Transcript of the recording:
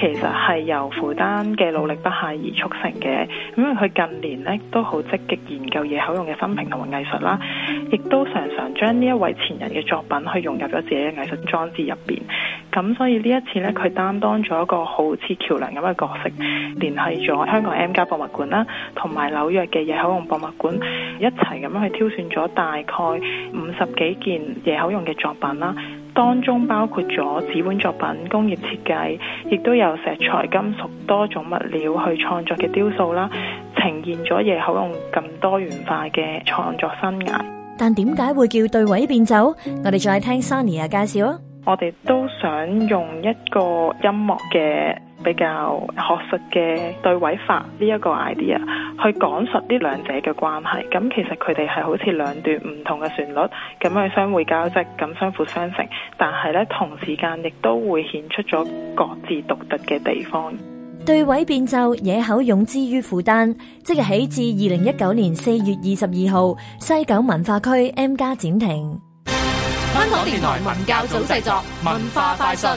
其實係由負擔嘅努力不懈而促成嘅，咁佢近年呢都好積極研究野口勇嘅生平同埋藝術啦，亦都常常將呢一位前人嘅作品去融入咗自己嘅藝術裝置入面。咁所以呢一次呢，佢擔當咗一個好似橋梁咁嘅角色，聯繫咗香港 M 加博物館啦，同埋紐約嘅野口勇博物館一齊咁樣去挑選咗大概五十幾件野口勇嘅作品啦，當中包括咗紙本作品、工業設計，亦都有石材金屬、金屬多種物料去創作嘅雕塑啦，呈現咗野口勇咁多元化嘅創作生涯。但點解會叫對位變奏？我哋再聽 Sunny 嘅介紹。我哋都想用一個音樂嘅比較學術嘅對位法呢一個 idea 去講述呢兩者嘅關係。咁其實佢哋係好似兩段唔同嘅旋律，咁去相會交織，咁相輔相成。但係咧，同時間亦都會顯出咗各自獨特嘅地方。對位變奏，野口勇之於傅丹，即日起至二零一九年四月二十二號，西九文化區 M+ 展亭。香港電台文教組製作《文化快訊》。